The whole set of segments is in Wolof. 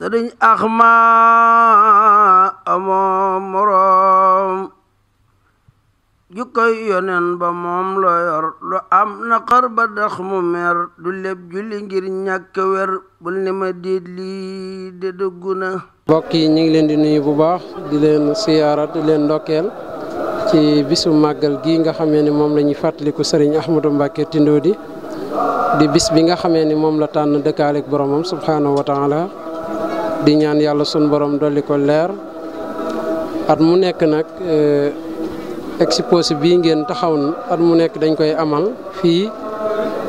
sëriñ axma amoo moroom jukkoy yonen ba moom la yor lu am naqar ba dax mu mer du lépp julli ngir ñàkk wer bul ni ma déet lii de dëggu na mbokk yi ñu ngi leen di nuyu bu baax di leen siyaara di leen ndokkeel ci bisu màggal gii nga xamee ni moom la ñuy fàttaliku sëriñ Ahmadou Mbacke Tindodi di bis bi nga xamee ni moom la tànn dëkkaaleek boromam subhanahu wa taala di ñaan yàlla sun borom dolli ko leer at mu nekk nag eh, exposé bii ngeen taxaw at mu nekk dañ koy amal fii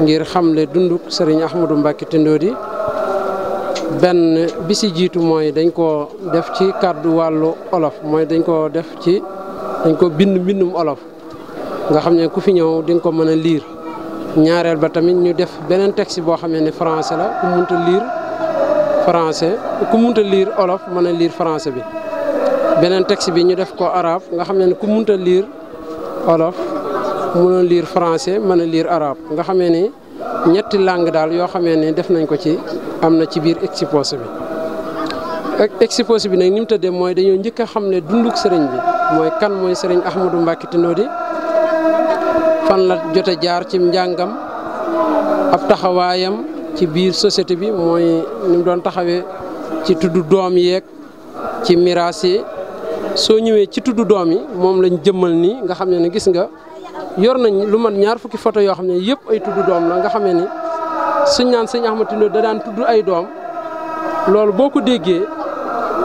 ngir xam xamle dunduk Serigne Ahmadou Mbacké di benn bisi jiitu mooy dañ koo def ci kàddu wàllu olof mooy dañ koo def ci dañ ko bind bindum olof nga xam ne ku fi ñëw dinga ko mën a liir ñaareel ba tamit ñu def beneen texte boo xam ne français la ku munta liir français ku munta liir olof mën a liir français bi beneen texte bi ñu def ko arabe nga xam ne ku munta liir olof mënoon lire français mën a lire arabe nga xamee ni ñetti langue daal yoo xamee ni def nañ ko ci am na ci biir exposé bi exposé bi nag ni mu tëddee mooy dañoo njëkk a xam ne dunduk sëriñ bi mooy kan mooy sëriñ Ahmadou Mbacké Tindodi fan la jote jaar ci njàngam ab taxawaayam ci biir société bi mooy ni mu doon taxawee ci tudd doom yéeg ci miraas soo ñëwee ci tudd doom yi moom lañ jëmmal nii nga xam ne ne gis nga yor nañ lu man ñaar fukki foto yoo xam ne yëpp ay tudd doom la nga xam ne ni suñ naan sëñ Ahmadou tudd ay doom loolu boo ko déggee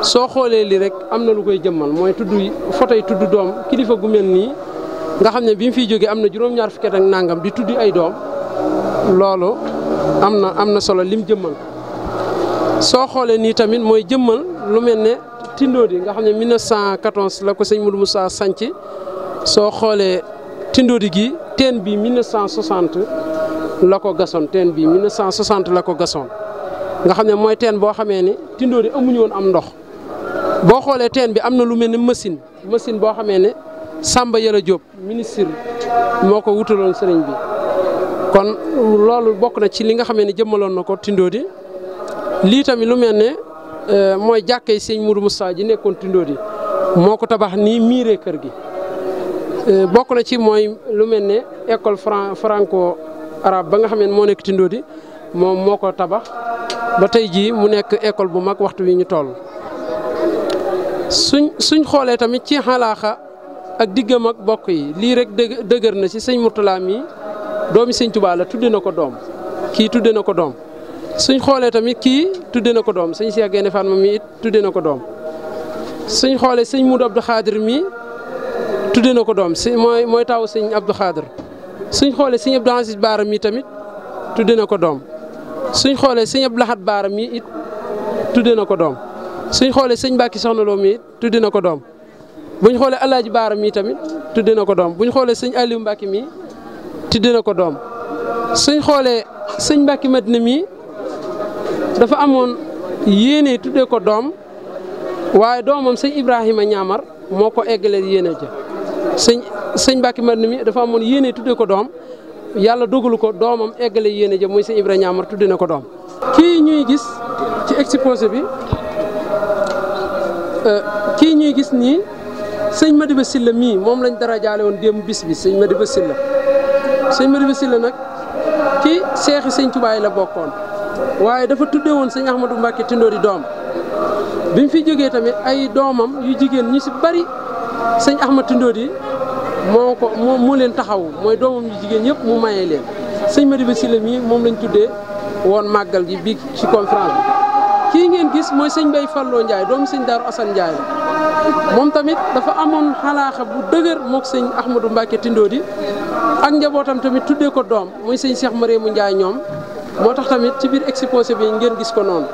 soo xoolee lii rek am na lu koy jëmmal mooy tudd photo yi tudd doom kilifa gu mel nii nga xam ne bi mu fiy jógee am na juróom-ñaar fukki ak nàngam di tudd ay doom loolu am na am na solo lim jëmmal soo xoolee nii tamit mooy jëmmal lu mel ne Tindodi nga xam ne 1914 la ko sëñ Moudou saa sanc soo xoolee Tindodi gi teen bi 1960 la ko gasoon teen bi 1960 la ko gasoon nga xam ne mooy teen boo xamee ni Tindodi amuñu woon am ndox boo xoolee teen bi am na lu mel ne machine machine boo xamee ne sàmba Yàlla Diop ministre moo ko wutaloon sëriñ bi kon loolu bokk na ci li nga xame ne jëmmaloon na ko Tindodi lii tamit lu mel ne euh, mooy jàkkee sëñ Mourou Moustapha ji nekkoon Tindodi moo ko tabax nii miiree kër gi. Euh, bokk na ci mooy lu mel ne école fran franco ba nga xam ne moo nekk Tindodi moom moo ko tabax ba tey jii mu nekk école bu mag waxtu wi ñu toll. suñ suñ xoolee tamit ci xalaaxa ak diggam ak bokk yi lii rek dëgër na ci sëñ Mourtala yi doomi sëñ Tuubaa tuddee na ko doom kii tuddee na ko doom suñ xoolee tamit kii tuddee na ko doom sëñ Cheikh Gaïndé Fatma mi it tudde na ko doom suñ xoolee sëñ Moudou Abdou Khadir mii tuddee na ko doom si mooy mooy taw sëñ Abdou Khadir suñ xoolee sëñ Abdou Baara mi tamit tudde na ko doom suñ xoolee sëñ Abdou Lahad Baara mi it tuddee na ko doom suñ xoolee suñ Mbàkke Soxna Lo mi it tudde na ko doom buñ xoolee Alaaji Baara mi tamit tudde na ko doom buñ xoolee suñ Aliou Mbàkke mii tudde na ko doom suñ xoolee sëñ Mbàkke Madina mii dafa amoon yéene tuddee ko doom waaye doomam sëñ Ibrahima Ñaamar moo ko eggalee yéene ja sëñ sëñ Mbàkke Madina mi dafa amoon yéene tuddee ko doom yàlla dogalu ko doomam eggale yéene ja muy sëñ Ibrahima Ñaamar tudde na ko doom kii ñuy gis ci exposé bi euh, kii ñuy gis nii sëñ Madiba Silla mii moom lañ dara jaale woon démb bis bi sëñ Madiba Silla sëñ Madiba Sylla nag ci seexi sëñ Tuubaa la bokkoon waaye dafa tudde woon sëñ Ahmadou Mbacke Tindori doom bi mu fi jógee tamit ay doomam yu jigéen ñu si bari sëñ Ahmad Tindori moo ko moo leen taxaw mooy doomam yu jigéen ñëpp mu mayee leen sëñ Madiba Sylla mii moom lañ tuddee woon màggal gi bi ci conférence kii ngeen gis mooy sëñ Bay Falloo Ndiaye doomu sëñ Daaru Assane Ndiaye moom tamit dafa amoon xalaaxa bu dëgër mook sëñ Ahmadou Mbacke di ak njabootam tamit tuddee ko doom muy sëñ Cheikh mu Ndiaye ñoom moo tax tamit ci biir exposé bi ngeen gis ko noonu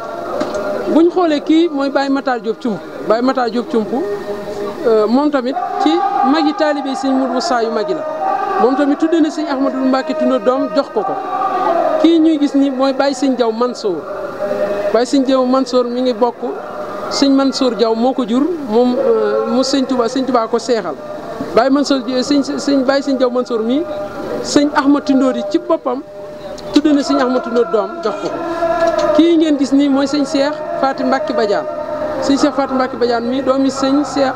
buñ xoolee kii mooy Baye Matar Diop Cump Baye Matar Diop Cump euh, moom tamit ci magi taalibe sëñ Mourou Moussa yu magi la moom tamit tuddee na sëñ Ahmadou Mbacke Tindodi doom jox ko ko kii ñuy gis ni mooy Baye sëñ Diaw Mansour waaye sëñ Jaw Mansour mi ngi bokk sëñ Mansour Jaw moo ko jur moom euh, mu sëñ Tuubaa sëñ Tuubaa ko seexal Baye Mansour sëñ sëñ Baye sëñ Jaw Mansour mi sëñ Ahmad Tindóori ci boppam tudd na sëñ Ahmad Tindóori doom jox ko kii ngeen gis nii mooy sëñ Seex Faati Mbàkke Badiane sëñ Seex Faati Mbàkke Badiane mi doomi sëñ Seex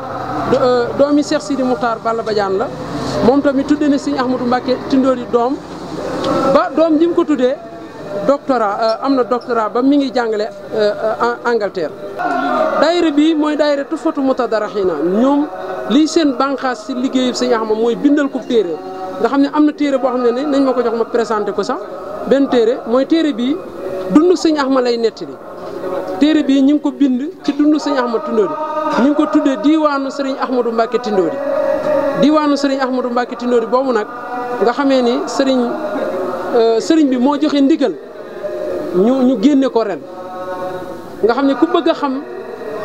euh, doomi Seex Sidi Muxtaar Balla Badiane la moom tamit tudd na sëñ Ahmadou Mbàkke Tindóori doom ba doom ji ko tuddee doctorat euh, am na doctorat ba mi ngi jàngale euh, Angleterre daayira bii mooy dayre daayira Tuhfatu Mutadaraxiina ñoom lii seen bànqaas si liggéeyu sëñ Axma mooy bindal ko téere nga xam ne am na téere boo xam ne nañ ma ko jox ma présenté ko sax benn téere mooy téere bii dund sëñ Axma lay nettali téere bii ñu ngi ko bind ci dund sëñ Axma Tindodi ñu ngi ko tuddee diiwaanu sëriñ Axmadou Mbacke Tindodi diiwaanu sëriñ Axmadou Mbacke Tindodi boobu nag nga xamee ni sëriñ euh, sëriñ bi moo joxe ndigal. ñu ñu génne ko ren nga xam ne ku bëgg a xam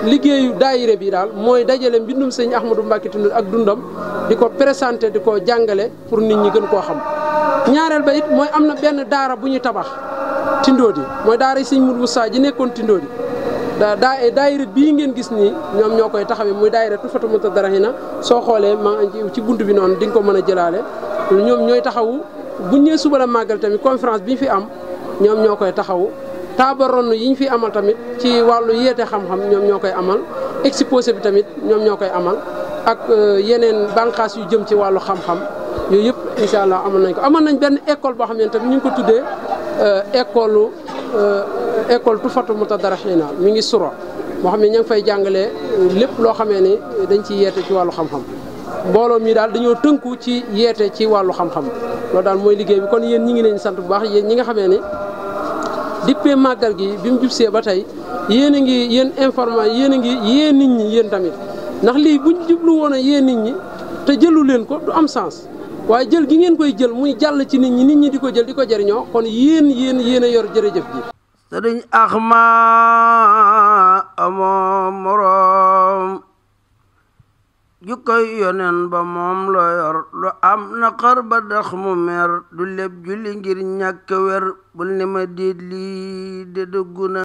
liggéeyu daayire bi daal mooy dajale mbindum sëñ Ahmadou Mbacké Tindouly ak dundam di ko présenté di ko jàngale pour nit ñi gën koo xam ñaareel ba it mooy am na benn daara bu ñu tabax Tindóodi mooy daara sëñ Mourou Moussa ji nekkoon Tindóodi daa daa daayira bii ngeen gis nii ñoom ñoo koy taxawee muy daayira Tufatul Mutadarrihina soo xoolee ma ci bunt bi noonu di nga ko mën a jëlaale ñoom ñooy taxawu buñ ñee suba la màggal tamit conférence bi ñu fi am ñoom ñoo koy taxawu taabaronn yi ñu fi amal tamit ci wàllu yeete xam-xam ñoom ñoo koy amal exposé bi tamit ñoom ñoo koy amal ak euh, yeneen bànqaas yu jëm ci wàllu xam yooyu yëpp incha allah amal nañ ko amal nañ benn école boo xam ne tamit ñu ngi ko tuddee euh, école euh, école Tufatul Mutadaraxiina mi ngi suro moo xam ne ña ngi fay jàngalee lépp loo xamee ni dañ ciy yeete ci wàllu xam-xam mbooloo mi daal dañoo tënku ci yeete ci wàllu xam-xam loolu daal mooy liggéey bi kon yéen ñi ngi leen sant bu baax yéen ñi nga xamee ni dippee màggal gi bi mu jubsee ba tey yéen a ngi yéen informa yéen a ngi yéen nit ñi yéen tamit ndax lii buñ jublu woon a yéen nit ñi te jëlu leen ko du am sens waaye jël gi ngeen koy jël muy jàll ci nit ñi nit ñi di ko jël di ko jëriñoo kon yéen yéen yéen a yor jërëjëf ji koy yonen ba moom la yor am naqar ba dax mu mer du lépp julli ngir ñàkk wer bul ni ma déet lii de dëggu na